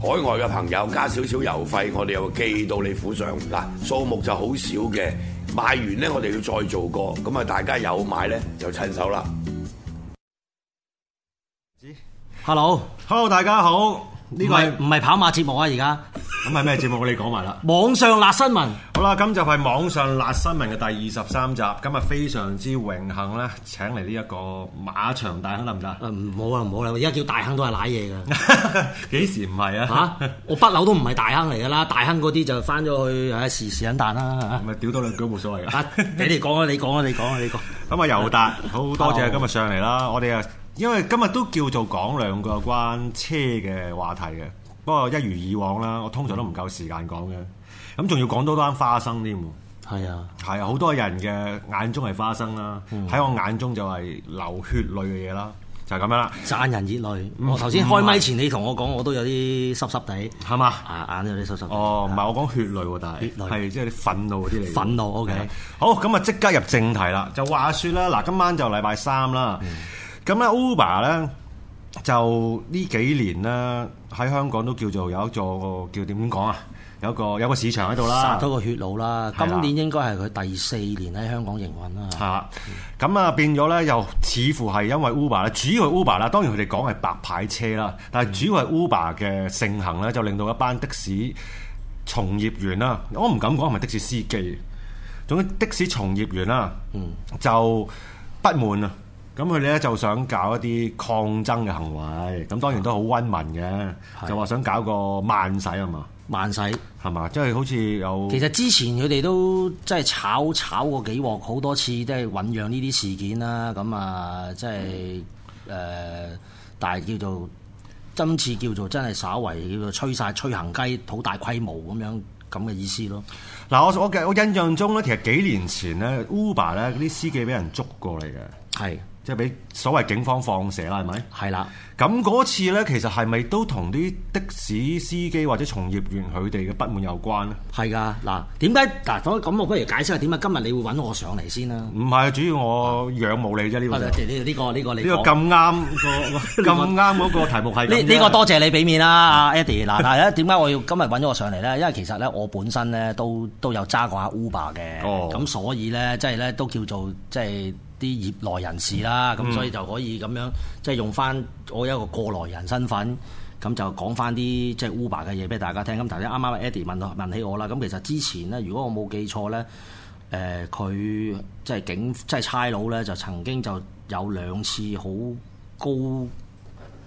海外嘅朋友加少少郵費，我哋又寄到你府上。嗱，數目就好少嘅，賣完咧，我哋要再做過。咁啊，大家有買咧就親手啦。Hello，hello，Hello，大家好。呢個唔係唔係跑馬節目啊，而家。咁係咩節目？我哋講埋啦！網上辣新聞。好啦，咁就係網上辣新聞嘅第二十三集。咁啊，非常之榮幸咧，請嚟呢一個馬場大亨得唔得？誒，唔、啊、好啊，唔好啦、啊，而家叫大亨都係瀨嘢噶。幾 時唔係啊？吓、啊，我北樓都唔係大亨嚟噶啦，大亨嗰啲就翻咗去時時、啊，係時事狠彈啦。咪屌 多兩句冇所謂噶。你哋講啊，你講啊，你講啊，你講。咁啊，尤達、啊， 好，好多謝今日上嚟啦。Hello. 我哋啊，因為今日都叫做講兩個關車嘅話題嘅。不過一如以往啦，我通常都唔夠時間講嘅，咁仲要講多單花生添喎。係啊，係啊，好多人嘅眼中係花生啦，喺我眼中就係流血淚嘅嘢啦，就係咁樣啦。賺人熱淚。我頭先開咪前你同我講，我都有啲濕濕地，係嘛？眼都有啲濕濕地。哦，唔係我講血淚喎，但係係即係啲憤怒嗰啲嚟。憤怒 OK。好，咁啊即刻入正題啦。就話説啦，嗱，今晚就禮拜三啦，咁咧 Uber 咧。就呢幾年咧，喺香港都叫做有一座叫點講啊，有一個有一個市場喺度啦，殺到個血路啦。今年應該係佢第四年喺香港營運啦。嚇，咁啊變咗咧，又似乎係因為 Uber 咧，主要係 Uber 啦。當然佢哋講係白牌車啦，但係主要係 Uber 嘅盛行咧，就令到一班的士從業員啦，我唔敢講係咪的士司機，總之的士從業員啦，嗯，就不滿啊。咁佢哋咧就想搞一啲抗爭嘅行為，咁當然都好溫文嘅，的就話想搞個慢駛啊嘛，慢駛，係嘛，即係好似有其實之前佢哋都即係炒炒過幾鑊好多次，即係醖釀呢啲事件啦。咁啊，即係誒，但係叫做今次叫做真係稍為叫做吹晒、吹行雞，好大規模咁樣咁嘅意思咯。嗱，我我嘅我印象中咧，其實幾年前咧 Uber 咧嗰啲司機俾人捉過嚟嘅，係。即係俾所謂警方放蛇啦，係咪？係啦。咁嗰次咧，其實係咪都同啲的士司機或者從業員佢哋嘅不滿有關咧？係噶。嗱，點解嗱？咁我不如解釋下點解今日你會揾我上嚟先啦？唔係，主要我仰慕你啫。呢個呢個呢個呢個咁啱個咁啱嗰個題目係呢，呢個多謝你俾面啦，阿 Eddie。嗱嗱咧，點解我要今日揾咗我上嚟咧？因為其實咧，我本身咧都都有揸過 Uber 嘅。哦。咁所以咧，即係咧，都叫做即係。啲業內人士啦，咁、嗯、所以就可以咁樣即係、就是、用翻我一個過來人身份，咁就講翻啲即係 Uber 嘅嘢俾大家聽。咁頭先啱啱 Addie 問問起我啦，咁其實之前咧，如果我冇記錯咧，誒佢即係警即係差佬咧，就曾經就有兩次好高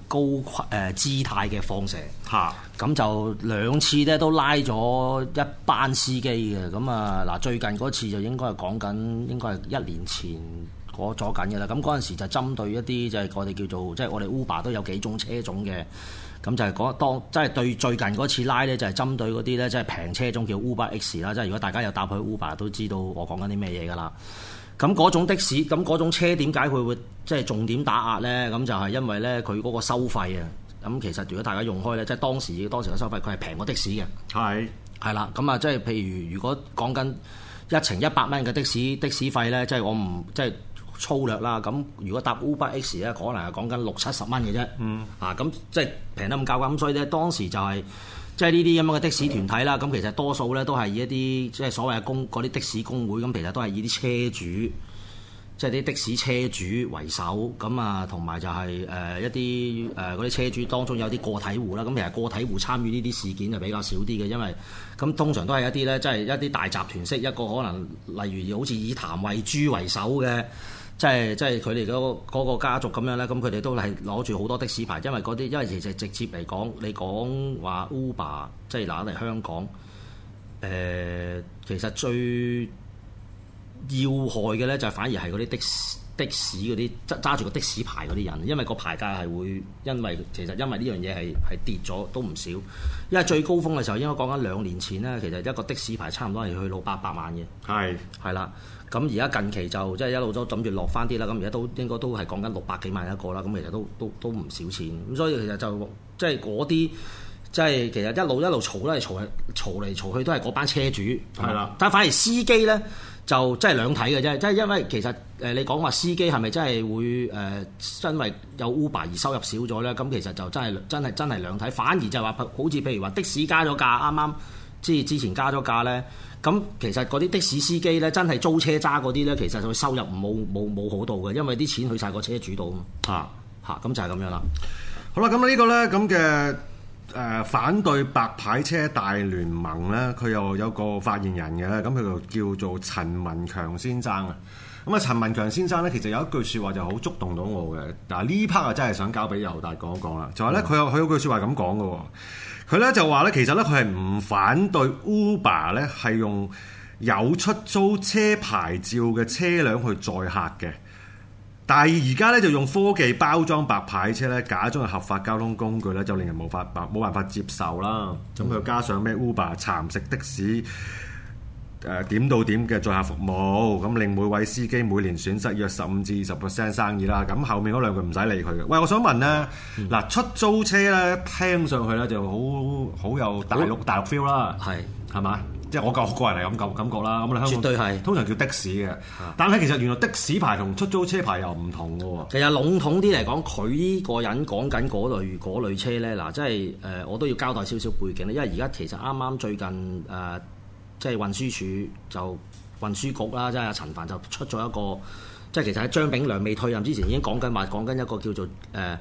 高誒、呃、姿態嘅放蛇，嚇哈，咁就兩次咧都拉咗一班司機嘅，咁啊嗱最近嗰次就應該係講緊，應該係一年前。我做緊嘅啦，咁嗰陣時就針對一啲就係我哋叫做即係、就是、我哋 Uber 都有幾種車種嘅，咁就係嗰當即係、就是、對最近嗰次拉呢，就係、是、針對嗰啲呢，即係平車種叫 Uber X 啦，即係如果大家有搭佢 Uber 都知道我講緊啲咩嘢㗎啦。咁嗰種的士，咁嗰種車點解佢會即係、就是、重點打壓呢？咁就係因為呢，佢嗰個收費啊。咁、嗯、其實如果大家用開呢，即係當時當時嘅收費佢係平過的士嘅。係係啦，咁啊即係譬如如果講緊一程一百蚊嘅的，的士的士費呢，就是、即係我唔即係。粗略啦，咁如果搭 Uber X 咧，可能係講緊六七十蚊嘅啫，嗯、啊咁即係平得咁鳩咁，所以咧當時就係、是、即係呢啲咁樣嘅的士團體啦，咁、嗯、其實多數咧都係以一啲即係所謂嘅工嗰啲的士工會，咁其實都係以啲車主，即係啲的士車主為首，咁啊同埋就係、是、誒、呃、一啲誒嗰啲車主當中有啲個體戶啦，咁其實個體戶參與呢啲事件就比較少啲嘅，因為咁通常都係一啲咧即係一啲大集團式，一個可能例如好似以譚惠珠為首嘅。即係即係佢哋嗰嗰個家族咁樣呢，咁佢哋都係攞住好多的士牌，因為嗰啲因為其實直接嚟講，你講話 Uber 即係嗱，嚟香港誒、呃，其實最要害嘅呢，就反而係嗰啲的士的士嗰啲揸住個的士牌嗰啲人，因為個牌價係會因為其實因為呢樣嘢係係跌咗都唔少，因為最高峰嘅時候應該講緊兩年前呢，其實一個的士牌差唔多係去到八百萬嘅，係係啦。咁而家近期就即係、就是、一路都諗住落翻啲啦，咁而家都應該都係講緊六百幾萬一個啦，咁其實都都都唔少錢。咁所以其實就即係嗰啲即係其實一路一路嘈都係嘈嘈嚟嘈去都係嗰班車主。係啦、嗯，的但反而司機咧就真係兩睇嘅啫，即係因為其實誒你講話司機係咪真係會誒、呃、因為有 Uber 而收入少咗咧？咁其實就真係真係真係兩睇。反而就係話、是、好似譬如話的士加咗價，啱啱。之之前加咗價呢，咁其實嗰啲的士司機呢，真係租車揸嗰啲呢，其實佢收入冇冇冇好到嘅，因為啲錢去晒個車主度啊！嚇、啊，咁就係、是、咁樣啦。好啦、啊，咁呢個呢，咁嘅誒反對白牌車大聯盟呢，佢又有個發言人嘅，咁佢就叫做陳文強先生啊。咁啊，陳文強先生呢，其實有一句説話就好觸動到我嘅嗱，呢 part 啊真係想交俾尤達講一講啦，就係、是、呢，佢、嗯、有佢有句説話咁講嘅喎。佢咧就話咧，其實咧佢係唔反對 Uber 咧，係用有出租車牌照嘅車輛去載客嘅。但係而家咧就用科技包裝白牌車咧，假裝係合法交通工具咧，就令人冇法冇辦法接受啦。咁佢又加上咩 Uber 蠶食的士？誒點到點嘅載客服務，咁令每位司機每年損失約十五至二十 percent 生意啦。咁後面嗰兩句唔使理佢嘅。喂，我想問咧，嗱、嗯、出租車咧聽上去咧就好好有大陸我大陸 feel 啦，係係嘛？吧即係我個個人嚟咁感感覺啦。咁香港絕對係通常叫的士嘅。但係其實原來的士牌同出租車牌又唔同嘅喎。其實籠統啲嚟講，佢依個人講緊嗰類嗰類車咧，嗱即係誒、呃、我都要交代少少背景，因為而家其實啱啱最近誒。呃即係運輸署就運輸局啦，即係阿陳帆就出咗一個，即係其實喺張炳良未退任之前已經講緊話講緊一個叫做誒。呃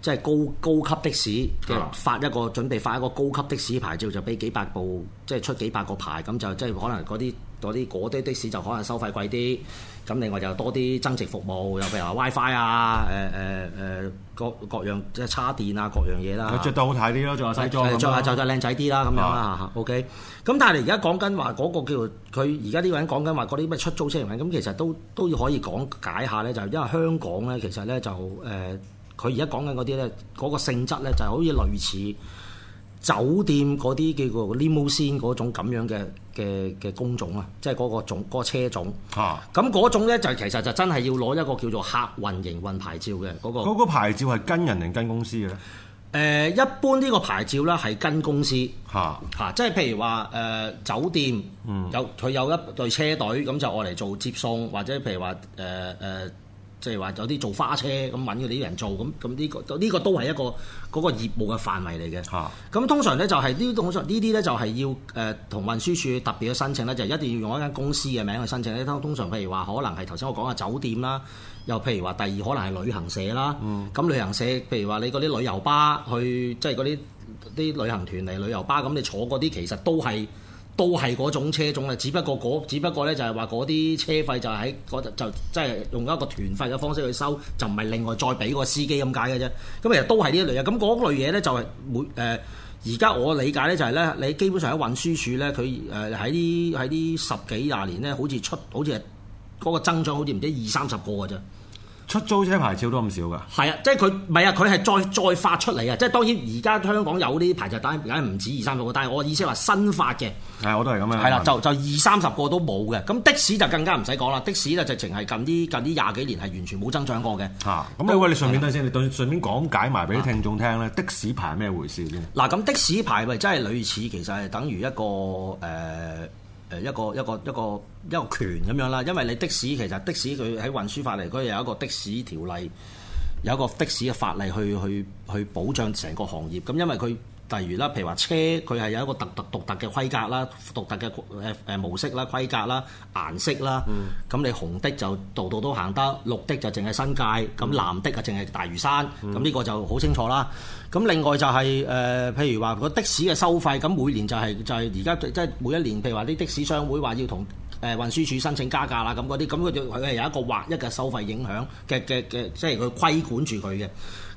即係高高級的士嘅發一個準備發一個高級的士牌照，就俾幾百部，即係出幾百個牌咁就即係可能嗰啲嗰啲啲的士就可能收費貴啲。咁另外就多啲增值服務，又譬如話 WiFi 啊，誒誒誒各各樣即係叉電啊各樣嘢啦。佢着得好睇啲咯，著下西裝。着下就就靚仔啲啦，咁樣啦 OK。咁但係你而家講緊話嗰個叫佢而家呢個人講緊話嗰啲咩出租車人咁，其實都都要可以講解下咧，就因為香港咧其實咧就誒。呃佢而家講緊嗰啲呢，嗰個性質呢，就係好似類似酒店嗰啲叫做 limousine 嗰種咁樣嘅嘅嘅工種啊，即係嗰個種嗰個車種啊。咁嗰種咧就其實就真係要攞一個叫做客運營運牌照嘅嗰個。嗰個牌照係跟人定跟公司嘅呢？誒、呃，一般呢個牌照呢，係跟公司嚇嚇、啊啊，即係譬如話誒、呃、酒店，嗯、有佢有一隊車隊，咁就我嚟做接送，或者譬如話誒誒。呃呃呃即係話有啲做花車咁揾嗰啲人做，咁咁呢個呢、呢個都係一個嗰、嗰個業務嘅範圍嚟嘅。咁的通常咧就係呢種呢啲咧就係要誒同、呃、運輸署特別嘅申請咧，就係、一定要用一間公司嘅名去申請咧。通常譬如話可能係頭先我講嘅酒店啦，又譬如話第二可能係旅行社啦。咁、嗯、旅行社譬如話你嗰啲旅遊巴去即係嗰啲啲旅行團嚟旅遊巴，咁、就是、你坐嗰啲其實都係。都係嗰種車種啊，只不過嗰只不過咧就係話嗰啲車費就喺度就即係用一個團費嘅方式去收，就唔係另外再俾個司機咁解嘅啫。咁其實都係呢一類嘢。咁嗰類嘢呢就係每誒而家我理解呢，就係呢。你基本上喺運輸署呢，佢誒喺呢喺呢十幾廿年呢，好似出好似係嗰個增長好似唔知二三十個嘅啫。出租車牌照都唔少噶？係啊，即係佢唔係啊，佢係再再發出嚟啊！即係當然，而家香港有啲牌照單，梗係唔止二三十個。但係我意思係話新發嘅係、哎，我都係咁樣。係啦、啊，就就二三十個都冇嘅。咁的士就更加唔使講啦，的士就直情係近啲近啲廿幾年係完全冇增長過嘅。嚇、啊！咁、嗯、喂，對你順便啲先，啊、你順便講解埋俾啲聽眾聽咧，啊、的士牌係咩回事先？嗱，咁的士牌咪真係類似，其實係等於一個誒。呃誒一個一個一個一個權咁樣啦，因為你的士其實的士佢喺運輸法嚟，佢有一個的士條例，有一個的士嘅法例去去去保障成個行業，咁因為佢。例如啦，譬如話車，佢係有一個特特獨特嘅規格啦，獨特嘅誒誒模式啦、規格啦、顏色啦。咁、嗯、你紅的就度度都行得，綠的就淨係新界，咁、嗯、藍的啊淨係大嶼山。咁呢、嗯、個就好清楚啦。咁另外就係、是、誒、呃，譬如話個的士嘅收費，咁每年就係、是、就係而家即係每一年，譬如話啲的士商會話要同誒、呃、運輸署申請加價啦，咁嗰啲，咁佢就佢係有一個劃一嘅收費影響嘅嘅嘅，即係佢規管住佢嘅。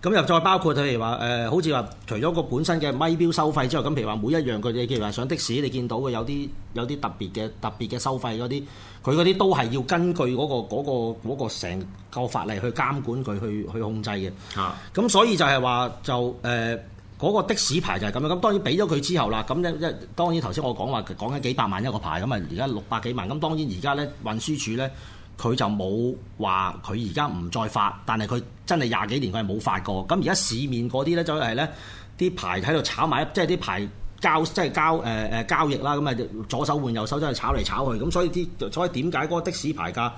咁又再包括譬如話誒、呃，好似話除咗個本身嘅咪錶收費之外，咁譬如話每一樣佢哋，譬如話上的士，你見到嘅有啲有啲特別嘅特別嘅收費嗰啲，佢嗰啲都係要根據嗰個嗰個嗰個成個法例去監管佢去去控制嘅。嚇的！咁、嗯、所以就係話就誒嗰個的士牌就係咁樣。咁當然俾咗佢之後啦，咁咧一當然頭先我講話講緊幾百萬一個牌，咁啊而家六百幾萬。咁當然而家咧運輸署咧。佢就冇話佢而家唔再發，但係佢真係廿幾年佢係冇發過。咁而家市面嗰啲呢，就係呢啲牌喺度炒埋，即係啲牌交即係、就係、交誒誒、呃、交易啦。咁啊，左手換右手，真係炒嚟炒去。咁所以啲，所以點解嗰個的士牌價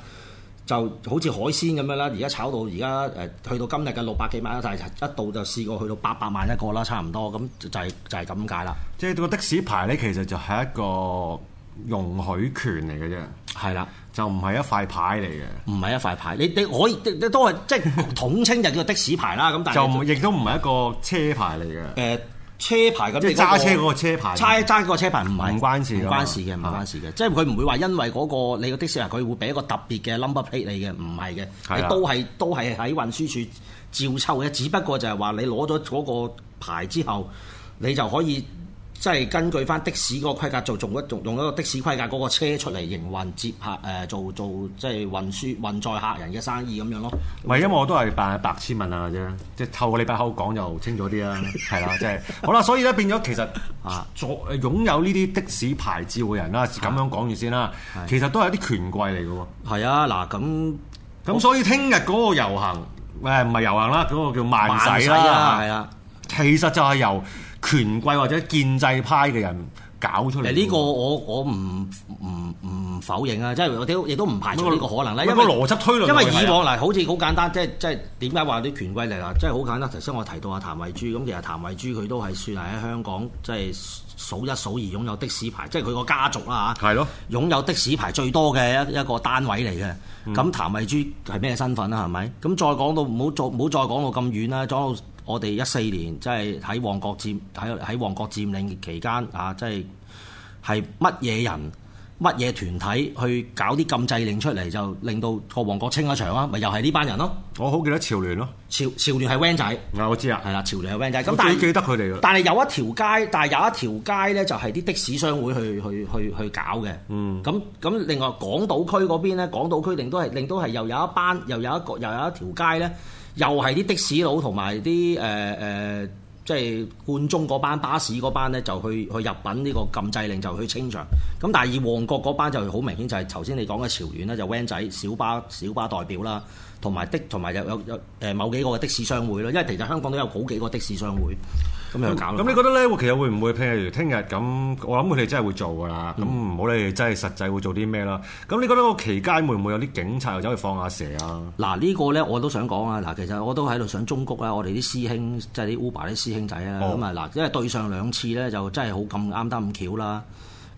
就好似海鮮咁樣啦？而家炒到而家誒，去到今日嘅六百幾萬啦，但、就、係、是、一度就試過去到八百萬一個啦，差唔多咁就係、是、就係咁解啦。即係個的士牌呢，其實就係一個容許權嚟嘅啫。係啦。就唔係一塊牌嚟嘅，唔係一塊牌，你你可以都係即係統稱就叫做的士牌啦。咁但係 就亦都唔係一個車牌嚟嘅、呃。誒車牌咁即係揸車嗰個車牌，揸揸嗰個車牌唔係唔關事，唔關事嘅，唔關事嘅。即係佢唔會話因為嗰、嗰個你個的士牌，佢會俾一個特別嘅 number plate 你嘅，唔係嘅，係是的 都係都係喺運輸署照抽嘅。只不過就係話你攞咗嗰個牌之後，你就可以。即係根據翻的士嗰個規格做，仲一用用一個的士規格嗰個車出嚟營運接客，誒做做即係運輸運載客人嘅生意咁樣咯。唔係因為我都係扮白痴文啊啫，即係透個禮拜口講就清楚啲啦，係啦， 即係好啦。所以咧變咗其實啊，坐擁有呢啲的士牌照嘅人啦，咁的樣講住先啦。的其實都係一啲權貴嚟嘅喎。係啊，嗱咁咁所以聽日嗰個遊行誒唔係遊行啦，嗰個叫慢洗啦，係啦、啊。的其實就係由權貴或者建制派嘅人搞出嚟，呢個我我唔唔唔否認啊，即係我哋亦都唔排除呢個可能咧。麼因為邏輯推論，因為以往嗱，是是好似好簡單，即係即係點解話啲權貴嚟啊？即係好簡單，頭先我提到阿譚慧珠，咁其實譚慧珠佢都係算係喺香港即係數一數二擁有的士牌，即係佢個家族啦嚇。係咯的，擁有的士牌最多嘅一一個單位嚟嘅。咁、嗯、譚慧珠係咩身份啊？係咪？咁再講到唔好再唔好再講到咁遠啦，講到。我哋一四年即係喺旺角佔喺喺旺角佔領期間啊，即係係乜嘢人乜嘢團體去搞啲禁制令出嚟，就令到個旺角清一場啊，咪又係呢班人咯。我好記得潮聯咯，潮潮聯係 van 仔。我知啦，係啦，潮聯係 van 仔。咁記記得佢哋。但係有一條街，但係有一條街呢，就係啲的士商會去去去去搞嘅。嗯。咁咁，另外港島區嗰邊咧，港島區令到係令到係又有一班，又有一個，又有一條街呢。又係啲的士佬同埋啲誒誒，即係冠忠嗰班巴士嗰班咧，就去去入稟呢、這個禁制令，就去清場。咁但係以旺角嗰班就好明顯就，就係頭先你講嘅潮聯啦，就 van 仔小巴小巴代表啦，同埋的同埋有有有誒某幾個的士商會啦，因為其實香港都有好幾個的士商會。咁又搞？咁、嗯、你覺得咧，會其實會唔會譬如、聽日咁？我諗佢哋真係會做㗎啦。咁唔好理，真係實際會做啲咩啦？咁你覺得個期間會唔會有啲警察又走去放下蛇啊？嗱，呢個、呢個咧我都想講啊！嗱，其實我都喺度想忠告啦。我哋啲師兄，即係啲 Uber 啲師兄仔啊。咁啊嗱，因為對上兩次咧，就真係好咁啱得咁巧啦。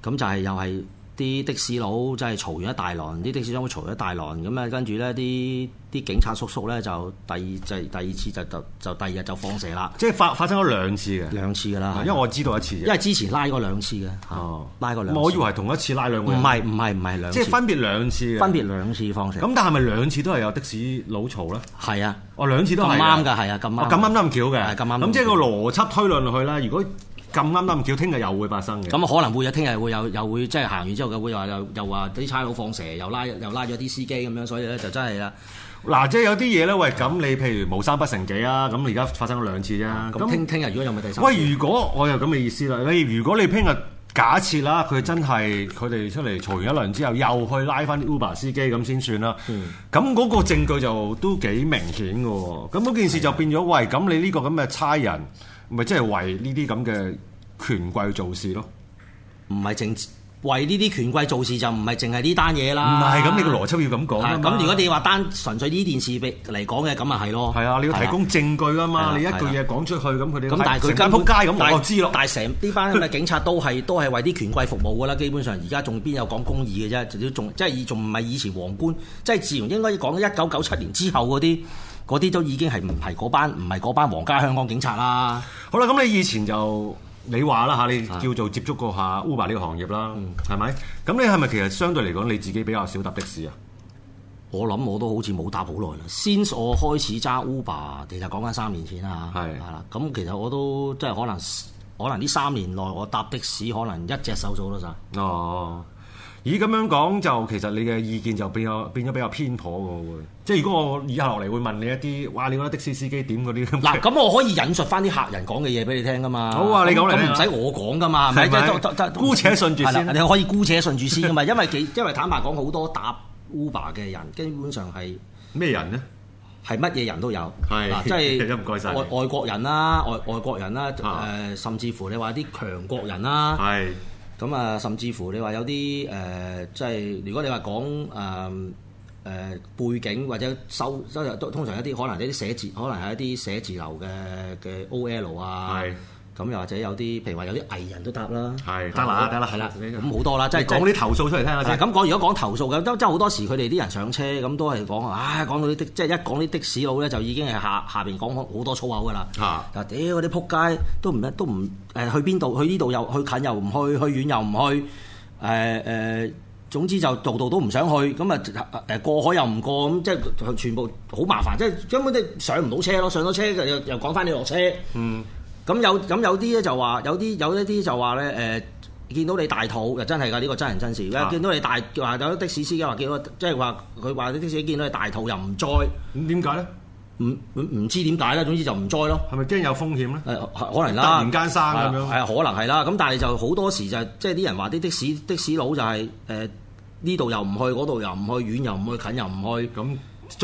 咁就係又係。啲的士佬真係嘈完一大浪，啲的士佬嘈咗一大浪，咁啊跟住咧，啲啲警察叔叔咧就第就第二次就就第二日就放蛇啦，即係發發生咗兩次嘅，兩次噶啦，因為我知道一次，因為之前拉過兩次嘅，哦，拉過兩次，我以為同一次拉兩個，唔係唔係唔係兩，即係分別兩次，分別兩次放蛇。咁但係咪兩次都係有的士佬嘈咧？係啊，哦兩次都係啱㗎，係啊，咁啱咁啱都咁巧嘅，咁啱。咁即係個邏輯推論落去啦，如果。咁啱啱叫，聽日又會發生嘅。咁可能會有，聽日會有，又會即係行完之後，佢會又又又話啲差佬放蛇，又拉又拉咗啲司機咁樣，所以咧就真係啦。嗱，即係有啲嘢咧，喂，咁你譬如無三不成幾啊？咁你而家發生咗兩次啫。咁聽聽日如果有咪第三？喂，如果我又咁嘅意思啦，你如果你聽日假設啦，佢真係佢哋出嚟嘈完一輪之後，又去拉翻啲 Uber 司機咁先算啦。咁嗰個證據就都幾明顯嘅。咁嗰件事就變咗，喂、嗯，咁你呢個咁嘅差人。咪即係為呢啲咁嘅權貴做事咯，唔係淨為呢啲權貴做事就唔係淨係呢單嘢啦。唔係咁，你個邏輯要咁講啦。咁如果你話單純粹呢件事嚟講嘅，咁咪係咯。係啊，你要提供證據啊嘛。的你一句嘢講出去，咁佢哋咁但係佢間扑街咁，我知咯。但係成呢班警察都係都係為啲權貴服務噶啦。基本上而家仲邊有講公義嘅啫？仲即係仲唔係以前皇冠，即係自然應該講一九九七年之後嗰啲。嗰啲都已經係唔係嗰班唔係班皇家香港警察啦。好啦，咁你以前就你話啦嚇，你叫做接觸過下 Uber 呢個行業啦，係咪的？咁你係咪其實相對嚟講，你自己比較少搭的士啊？我諗我都好似冇搭好耐啦。since 我開始揸 Uber，其實講緊三年前啦嚇。係的。係啦，咁其實我都即係可能可能，呢三年內我搭的士可能一隻手數都晒哦。咦咁樣講就其實你嘅意見就變有變咗比較偏頗喎，會即係如果我以後落嚟會問你一啲，哇！你覺得的士司機點嗰啲嗱，咁我可以引述翻啲客人講嘅嘢俾你聽㗎嘛。好啊，你講嚟唔使我講㗎嘛，係咪？姑且信住先。你可以姑且信住先㗎嘛，因為幾因為坦白講，好多搭 Uber 嘅人基本上係咩人呢？係乜嘢人都有。係嗱，即係唔該晒外外國人啦，外外國人啦，誒，甚至乎你話啲強國人啦。係。咁啊，甚至乎你話有啲誒、呃，即係如果你話講誒誒背景或者收收入都通常有啲可能有啲寫字，可能係一啲寫字樓嘅嘅 O L 啊。係。咁又或者有啲，譬如話有啲藝人都答啦，係得啦，得啦，係啦，咁好多啦，即係講啲投訴出嚟聽下先。咁講，如果講投訴嘅，即係好多時佢哋啲人上車咁都係講啊，講到啲的，即係一講啲的士佬咧，就已經係下下邊講好多粗口㗎啦。啊，屌嗰啲撲街都唔都唔誒去邊度？去呢度又去近又唔去，去遠又唔去。誒，誒，總之就度度都唔想去。咁啊誒過海又唔過，咁即係全部好麻煩，即係根本都上唔到車咯。上到車就又講翻你落車。嗯。咁有咁有啲咧就話，有啲有一啲就話咧誒，見到你大肚又真係㗎，呢、呢個真人真事。如、啊、見到你大話有的士司機話見到，即係話佢話的士司見到你大肚又唔載，咁點解咧？唔唔知點解咧？總之就唔載咯。係咪驚有風險咧？可能啦。突然間生咁樣。係、啊啊、可能係啦。咁但係就好多時就即係啲人話啲的，的士的士佬就係誒呢度又唔去，嗰度又唔去，遠又唔去，近又唔去，咁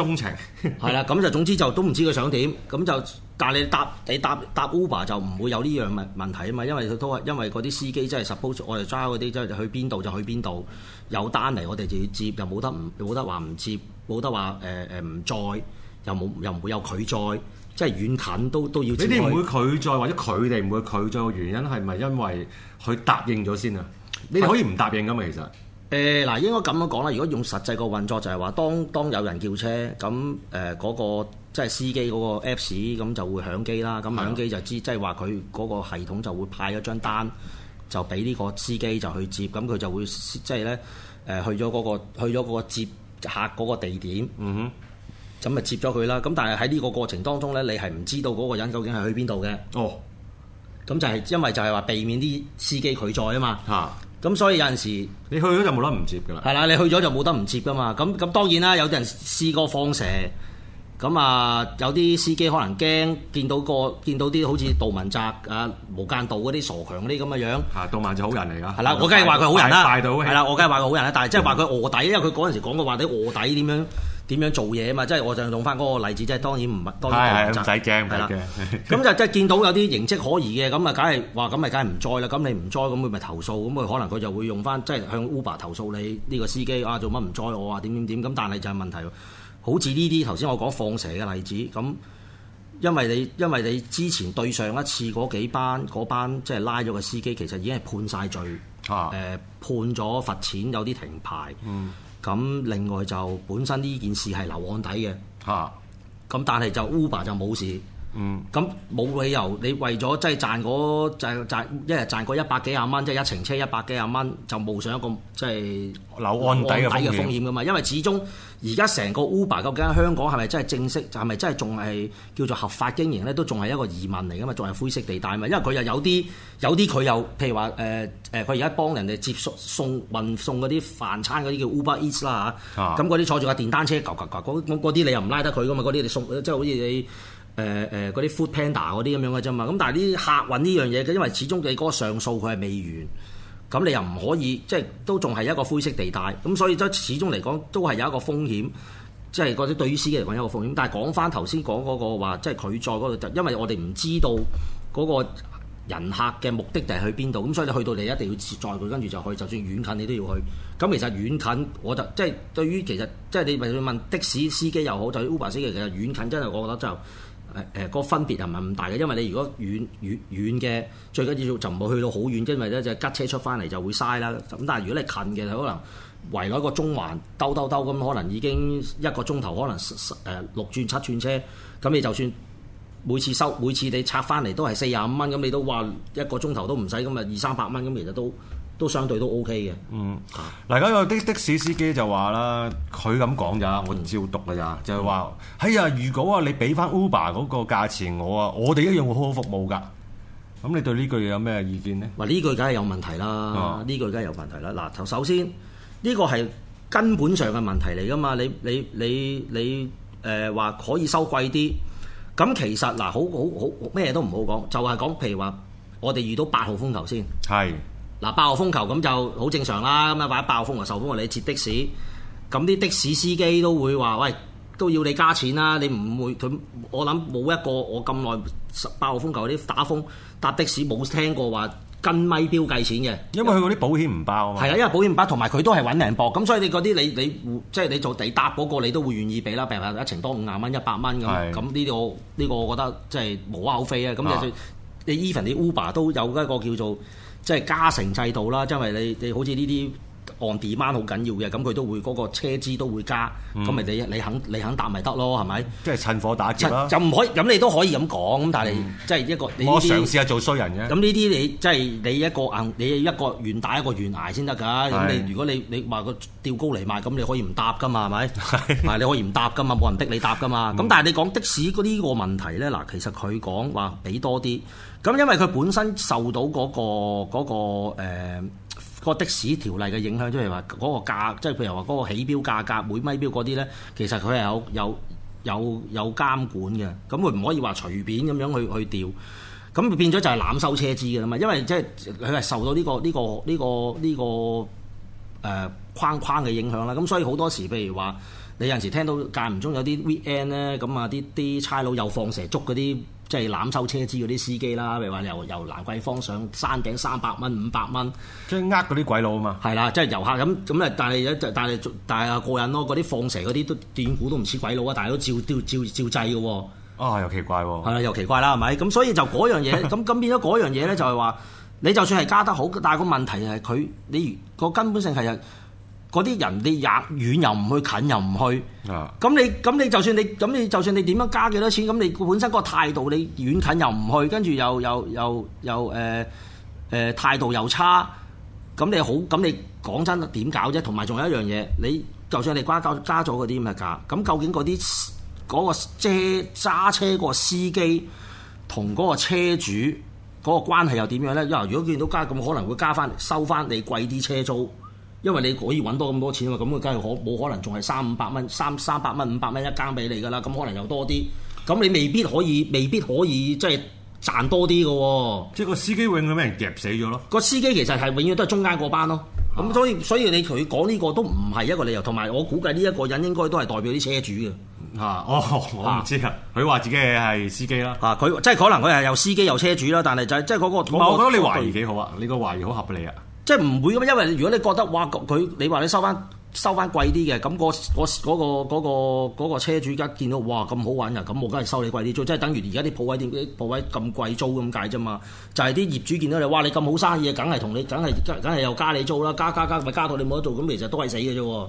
鍾情、啊。係啦、 啊，咁就總之就都唔知佢想點，咁就。但係你搭你搭搭 Uber 就唔會有呢樣問問題啊嘛，因為佢都因為嗰啲司機真係 suppose 我哋揸嗰啲，真係去邊度就去邊度，有單嚟我哋就要接，又冇得唔冇得話唔接，冇得話誒誒唔載，又冇又唔會有拒載，即係遠近都都要接。你哋唔會拒載或者佢哋唔會拒載嘅原因係咪因為佢答應咗先啊？是的 你可以唔答應噶嘛，其實。誒嗱、呃，應該咁樣講啦。如果用實際個運作就係話，當當有人叫車，咁誒嗰個即係司機嗰個 Apps 咁就會響機啦。咁的響機就知，即係話佢嗰個系統就會派一張單，就俾呢個司機就去接。咁佢就會即係咧誒去咗嗰個去咗嗰個接客嗰個地點。嗯哼。咁咪接咗佢啦。咁但係喺呢個過程當中咧，你係唔知道嗰個人究竟係去邊度嘅。哦。咁就係因為就係話避免啲司機拒載啊嘛。嚇、啊。咁所以有陣時你去咗就冇得唔接，你去咗就冇得唔接噶啦。係啦，你去咗就冇得唔接噶嘛。咁咁當然啦，有啲人試過放蛇，咁啊有啲司機可能驚見到個見到啲好似杜汶澤啊無間道嗰啲傻強啲咁嘅樣,樣。嚇，杜汶澤好人嚟㗎。係啦，我梗係話佢好人啦。係啦，我梗係話佢好人啦。但係即係話佢卧底，因為佢嗰陣時講過話啲卧底點樣。點樣做嘢啊嘛？即係我就用翻嗰個例子，即係當然唔係當然唔使驚，唔使驚。咁就即係見到有啲形跡可疑嘅，咁啊，梗係話咁咪梗係唔載啦。咁你唔載，咁佢咪投訴，咁佢可能佢就會用翻，即係向 Uber 投訴你呢個司機啊，做乜唔載我啊？點點點？咁但係就係問題喎，好似呢啲頭先我講放蛇嘅例子，咁因為你因為你之前對上一次嗰幾班嗰班即係拉咗個司機，其實已經係判晒罪，誒、啊嗯、判咗罰錢，有啲停牌。嗯咁另外就本身呢件事係留案底嘅，吓、啊，咁但係就 Uber 就冇事。嗯，咁冇理由，你為咗即係賺嗰賺一賺一日賺嗰一百幾廿蚊，即係一程車一百幾廿蚊，就冒上一個即係樓安底嘅風險噶嘛？因為始終而家成個 Uber 究竟香港係咪真係正式，就係咪真係仲係叫做合法經營咧？都仲係一個疑問嚟噶嘛，仲係灰色地帶嘛？因為佢又有啲有啲佢又，譬如話誒誒，佢而家幫人哋接送送運送嗰啲飯餐嗰啲叫 Uber Eats 啦、啊、嚇，咁嗰啲坐住架電單車，嗰啲你又唔拉得佢噶嘛？嗰啲你送即係好似你。誒誒嗰啲 Food Panda 嗰啲咁樣嘅啫嘛，咁但係啲客運呢樣嘢嘅，因為始終你嗰個上訴佢係未完，咁你又唔可以即係、就是、都仲係一個灰色地帶，咁所以即始終嚟講都係有一個風險，即係嗰啲對於司機嚟講有一個風險。但係講翻頭先講嗰、那個話，即係佢在嗰度，就是那個、因為我哋唔知道嗰個人客嘅目的地係去邊度，咁所以你去到你一定要接載佢，跟住就去，就算遠近你都要去。咁其實遠近我就即係、就是、對於其實即係、就是、你問的士司機又好，就是、Uber 司機其實遠近真係我覺得就。誒誒、呃嗰個分別係唔係咁大嘅，因為你如果遠遠遠嘅，最緊要就唔會去到好遠，因為咧隻吉車出翻嚟就會嘥啦。咁但係如果你近嘅，可能圍內一個中環兜兜兜咁，繞繞繞可能已經一個鐘頭，可能誒六轉七轉車，咁你就算每次收每次你拆翻嚟都係四十五蚊，咁你都話一個鐘頭都唔使咁啊，二三百蚊咁其實都～都相對都 O K 嘅。嗯，嗱，而家有的的士司機就話啦，佢咁講咋，我唔知要讀㗎咋，嗯、就係話哎呀，如果啊你俾翻 Uber 嗰個價錢我啊，我哋一樣會好好服務㗎。咁你對呢句有咩意見呢？嗱，呢句梗係有問題啦，呢、嗯嗯、句梗係有問題啦。嗱，頭首先呢、呢個係根本上嘅問題嚟㗎嘛。你你你你誒話、呃、可以收貴啲，咁其實嗱，好好好咩都唔好講，就係、係、講譬如話我哋遇到八號風球先係。嗱，八號風球咁就好正常啦。咁啊，或者八號風球、十號風球，你接的士，咁啲的士司機都會話，喂，都要你加錢啦、啊。你唔會佢，我諗冇一個我咁耐八號風球嗰啲打風搭的士冇聽過話跟咪錶計錢嘅。因為佢嗰啲保險唔包啊。啊又，因為保險唔包，同埋佢都係揾人搏。咁所以你嗰啲你你即係、就是、你做地搭嗰個，你都會願意俾啦。譬如話一程多五十蚊、一百蚊咁。咁呢度呢個我覺得即係無可厚非啊。咁就算你 Even 你 Uber 都有一個叫做。即係加成制度啦，因為你你好似呢啲。按 d e 好緊要嘅，咁佢都會嗰個車資都會加，咁咪你你肯你肯搭咪得咯，係咪？即係趁火打劫就唔可以咁，你都可以咁講，咁但係即係一個，我嘗試下做衰人嘅。咁呢啲你即係你一個硬，你一個願打一個願挨先得㗎。咁你如果你你話個調高嚟賣，咁你可以唔搭㗎嘛，係咪？係，你可以唔搭㗎嘛，冇人逼你搭㗎嘛。咁但係你講的士嗰啲個問題咧，嗱，其實佢講話俾多啲，咁因為佢本身受到嗰、那個嗰、那個呃個的士條例嘅影響，即係話嗰個價，即係譬如話嗰個起錶價格每米錶嗰啲咧，其實佢係有有有有監管嘅，咁佢唔可以話隨便咁樣去去調，咁變咗就係濫收車資嘅啦嘛，因為即係佢係受到呢個呢個呢個呢個誒、呃、框框嘅影響啦，咁所以好多時譬如話你有陣時聽到間唔中有啲 VN 咧，咁啊啲啲差佬又放蛇捉嗰啲。即係攬收車資嗰啲司機啦，譬如話由由蘭桂坊上山頂三百蚊五百蚊，即係呃嗰啲鬼佬啊嘛。係啦，即係遊客咁咁咧，但係一但係但係過癮咯。嗰啲放蛇嗰啲都斷估都唔似鬼佬啊，但係都照照照，照照制嘅喎、哦。啊、哦，又奇怪喎、哦。係啦，又奇怪啦，係咪？咁所以就嗰樣嘢，咁咁 變咗嗰樣嘢咧，就係話你就算係加得好，但係個問題係佢你個根本性係嗰啲人你也遠又唔去，近又唔去。咁 Yeah. 你咁你就算你咁你就算你點樣加幾多錢，咁你本身嗰個態度你遠近又唔去，跟住又又又又誒誒、呃呃呃、態度又差。咁你好，咁你講真點搞啫？同埋仲有一樣嘢，你就算你加加咗嗰啲咁嘅價，咁究竟嗰啲嗰個揸車嗰個司機同嗰個車主嗰個關係又點樣呢？因、呃、為如果見到加，咁可能會加翻收翻你貴啲車租。因為你可以揾多咁多錢嘛，咁佢梗係可冇可能仲係三五百蚊、三三百蚊、五百蚊一間俾你㗎啦，咁可能又多啲，咁你未必可以，未必可以即係賺多啲嘅喎。即係個司機永遠俾人夾死咗咯。個司機其實係永遠都係中間嗰班咯，咁、啊、所以所以你佢講呢個都唔係一個理由，同埋我估計呢一個人應該都係代表啲車主嘅。嚇、啊！哦，我唔知啊，佢話自己係司機啦。嚇、啊！佢即係可能佢係有司機有車主啦，但係就係、是、即係嗰、嗰個我。我覺得你懷疑幾好啊！你個懷疑好合理啊！即係唔會咁啊，因為如果你覺得哇，佢你話你收翻收翻貴啲嘅，咁個個嗰個嗰個嗰個車主而家見到哇咁好揾啊，咁我梗係收你貴啲租，即係等於而家啲鋪位點解啲鋪位咁貴租咁解啫嘛。就係啲業主見到你哇你咁好生意，梗係同你梗係梗梗係又加你租啦，加加加咪加到你冇得做，咁其實都係死嘅啫。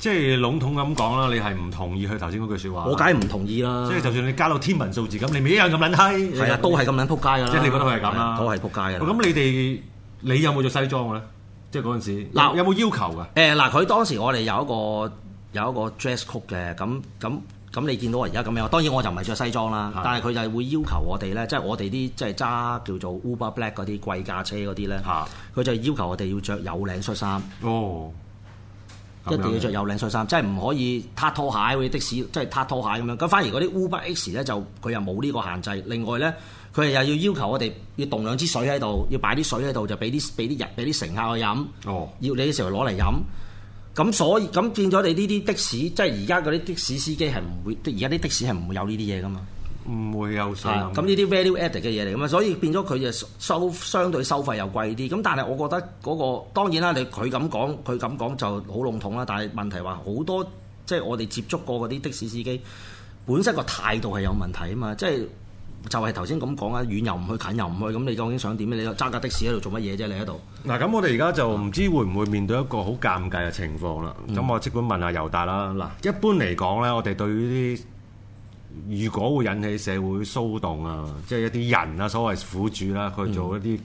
即係籠統咁講啦，你係唔同意佢頭先嗰句説話？我梗係唔同意啦。即係就算你加到天文數字咁，你咪一樣咁撚閪。係啊，都係咁撚撲街㗎啦。即係你覺得係咁啦。都係撲街嘅。咁你哋？你有冇着西裝嘅咧？即係嗰陣時嗱，有冇要求噶？誒嗱、呃，佢、呃、當時我哋有一個有一個 dress code 嘅，咁咁咁你見到我而家咁樣，當然我就唔係着西裝啦。嗯、但係佢就係會要求我哋咧、即係，即係我哋啲即係揸叫做 Uber Black 嗰啲貴價車嗰啲咧，佢、嗯、就要求我哋要着有領恤衫。哦，一定要着有領恤衫，嗯 okay、即係唔可以趿拖鞋嗰啲的士，即係趿拖鞋咁樣。咁反而嗰啲 Uber X 咧就佢又冇呢個限制。另外咧。佢哋又要要求我哋要凍兩支水喺度，要擺啲水喺度，就俾啲俾啲人俾啲乘客去飲。哦，要你嘅時候攞嚟飲。咁所以咁變咗，你呢啲的士即係而家嗰啲的士司機係唔會，而家啲的士係唔會有呢啲嘢噶嘛。唔會有水。係咁呢啲 value added 嘅嘢嚟㗎嘛，所以變咗佢就收相對收費又貴啲。咁但係我覺得嗰個當然啦，你佢咁講，佢咁講就好籠統啦。但係問題話好多，即係我哋接觸過嗰啲的士司機本身個態度係有問題啊嘛，即係。就係頭先咁講啊，遠又唔去，近又唔去，咁你究竟想點？你就揸架的士喺度做乜嘢啫？你喺度？嗱，咁我哋而家就唔知會唔會面對一個好尷尬嘅情況啦。咁、嗯、我即管問下尤達啦。嗱、嗯，一般嚟講咧，我哋對於啲如果會引起社會騷動啊，即係一啲人啊，所謂苦主啦，去做一啲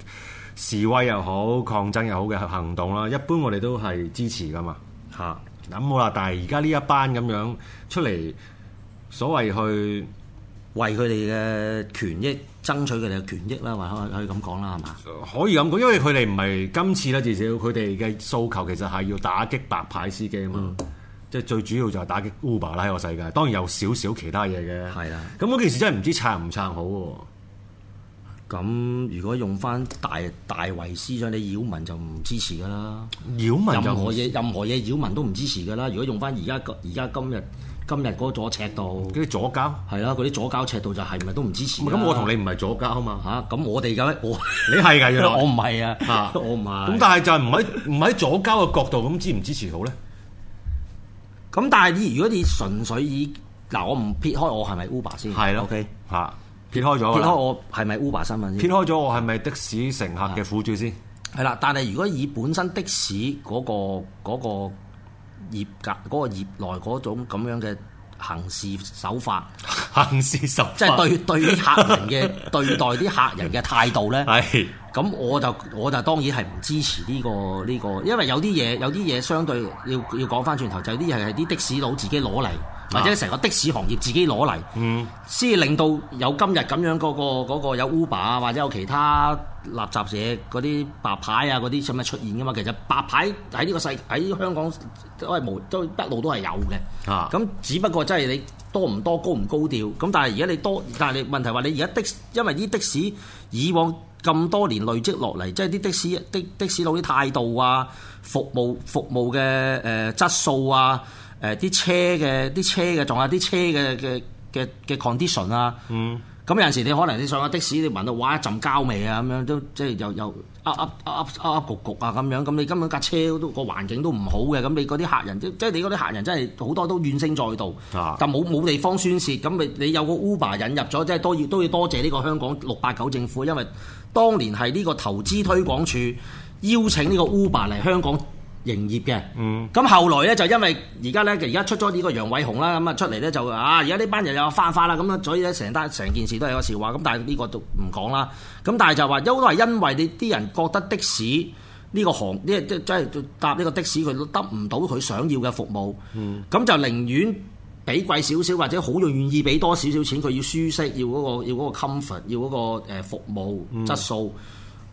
示威又好、抗爭又好嘅行動啦，一般我哋都係支持噶嘛。嚇、嗯，咁冇啦。但係而家呢一班咁樣出嚟，所謂去。為佢哋嘅權益爭取佢哋嘅權益啦，或可以咁講啦，係嘛？可以咁講，因為佢哋唔係今次啦，至少佢哋嘅訴求其實係要打擊白牌司機啊嘛，嗯、即係最主要就係打擊 Uber 啦喺個世界。當然有少少其他嘢嘅，係啦。咁嗰件事真係唔知撐唔撐好喎、啊。咁如果用翻大大圍思想，你擾民就唔支持㗎啦。擾民，任何嘢任何嘢擾民都唔支持㗎啦。如果用翻而家而家今日。今日嗰左尺度，嗰啲左膠膠，係啦、啊，嗰啲左膠尺度就係唔係都唔支持、啊？咁我同你唔係左膠啊嘛嚇，咁我哋嘅咧我你係㗎，我唔係 啊，啊我唔係、啊。咁但係就係唔喺唔喺左膠嘅角度，咁支唔支持好咧？咁但係你如果你純粹以嗱，我唔撇開我係咪 Uber 先？係咯、啊、，OK 嚇，撇開咗，撇開我係咪 Uber 身份先？撇開咗我係咪的士乘客嘅苦主先？係啦、啊，但係如果以本身的士嗰個嗰個。嗰個嗰個業格嗰、嗰個業內嗰種咁樣嘅行事手法， 行事手，即係對對啲客人嘅 對待啲客人嘅態度呢。係，咁我就我就當然係唔支持呢、呢個呢、呢個，因為有啲嘢有啲嘢相對要要講翻轉頭，就係、有啲嘢係啲的士佬自己攞嚟。 或者成個的士行業自己攞嚟，先至、嗯、令到有今日咁樣嗰個有 Uber 啊，或者有其他垃圾嘢嗰啲白牌啊嗰啲，使唔使出現噶嘛？其實白牌喺呢個世喺香港都係無都一路都係有嘅。啊，咁只不過真係你多唔多高唔高調。咁但係而家你多，但係你問題話你而家的，因為啲的士以往咁多年累積落嚟，即係啲的士的的士佬啲態度啊，服務服務嘅誒、呃、質素啊。誒啲車嘅啲車嘅，仲有啲車嘅嘅嘅嘅 condition 啊，condition，嗯，咁有陣時你可能你上下的士，你聞到哇一陣膠味啊，咁樣都即係又又噏噏噏噏噏焗焗啊，咁樣，咁你根本架車都個環境都唔好嘅，咁你嗰啲客人即即係你嗰啲客人真係好多都怨聲載道，啊，就冇冇地方宣泄，咁咪你有個 Uber 引入咗，即係都要都要多謝呢個香港六八九政府，因為當年係呢個投資推廣處邀請呢個 Uber 嚟香港。營業嘅，咁、嗯、後來咧就因為而家咧，而家出咗呢個楊偉雄啦，咁啊出嚟咧就啊，而家呢班人又翻花啦，咁啦，所以咧成單成件事都係個笑話，咁但係呢個就唔講啦。咁但係就話，都係因為你啲人覺得的士呢、呢個行，呢即係搭呢個的士，佢都得唔到佢想要嘅服務，咁、嗯、就寧願俾貴少少，或者好願意俾多少少錢，佢要舒適，要嗰、嗰個要嗰個 comfort，要嗰個誒服務質素。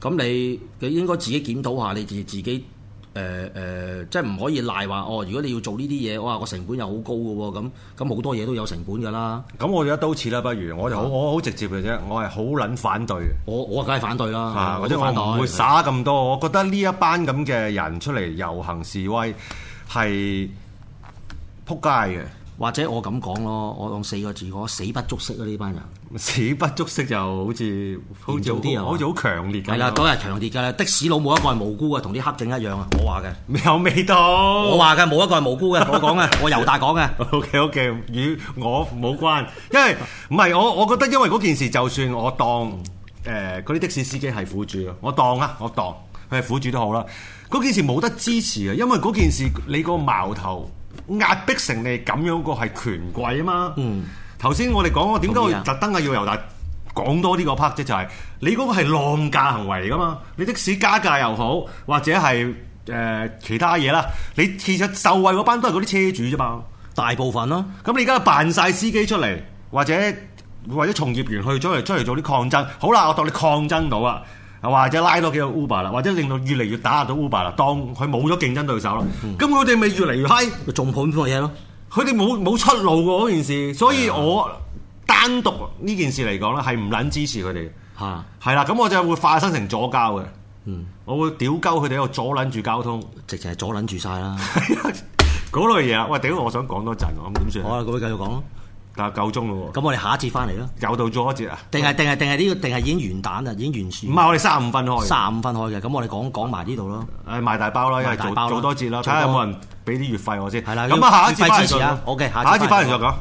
咁、嗯、你佢應該自己檢討下，你自己。誒誒、呃，即係唔可以賴話哦！如果你要做呢啲嘢，哇個成本又好高嘅喎，咁咁好多嘢都有成本噶啦。咁我而家都似啦，不如我就好、嗯、我好直接嘅啫，我係好撚反對嘅。我我梗係反對啦，或者、啊、我唔會耍咁多。是的 我覺得呢一班咁嘅人出嚟遊行示威係撲街嘅。或者我咁講咯，我用四個字講，我死不足惜啊！呢班人死不足惜就好似好啲啊，好似好強烈嘅係啦，都係強烈嘅啦。嗯、的士佬冇一個係無辜嘅，同啲黑警一樣啊！我話嘅有味道，我話嘅冇一個係無辜嘅， 我講嘅，我由大講嘅。O K O K，與我冇關，因為唔係我，我覺得因為嗰件事，就算我當誒嗰啲的士司機係苦主，啊，我當啊，我當佢係苦主都好啦。嗰件事冇得支持啊，因為嗰件事你個矛頭。壓迫成你咁樣個係權貴啊嘛，頭先、嗯、我哋講我點解會特登係要由尤達講多呢個 part 啫，就係、是、你嗰個係浪價行為嚟噶嘛，你的士加價又好，或者係誒、呃、其他嘢啦，你其實受惠嗰班都係嗰啲車主啫嘛，大部分啦、啊，咁你而家扮晒司機出嚟，或者或者從業員去咗嚟，出嚟做啲抗爭，好啦，我當你抗爭到啊。或者拉多幾個 Uber 啦，或者令到越嚟越打壓到 Uber 啦。當佢冇咗競爭對手啦，咁佢哋咪越嚟越嗨，仲捧判個嘢咯？佢哋冇冇出路嗰件事，所以我單獨呢件事嚟講咧，係唔撚支持佢哋嚇，係啦的。咁我就會化身成左膠嘅，嗯、我會屌鳩佢哋，喺度阻撚住交通，直情係阻撚住晒啦。嗰 類嘢，喂，屌！我想講多陣，噉點算？好啦、啊，各位繼續講。得夠鐘咯喎，咁我哋下一次翻嚟咯，有到咗一節啊？定係定係定係呢個？定係已經完蛋啦，已經完事。唔係，我哋三十五分開。三十五分開嘅，咁我哋講講埋呢度咯。誒，賣大包啦，因為做賣大包做多節啦，睇下多有冇人俾啲月費我先。係啦的，咁啊，下一次翻嚟 OK 下一次翻嚟再講。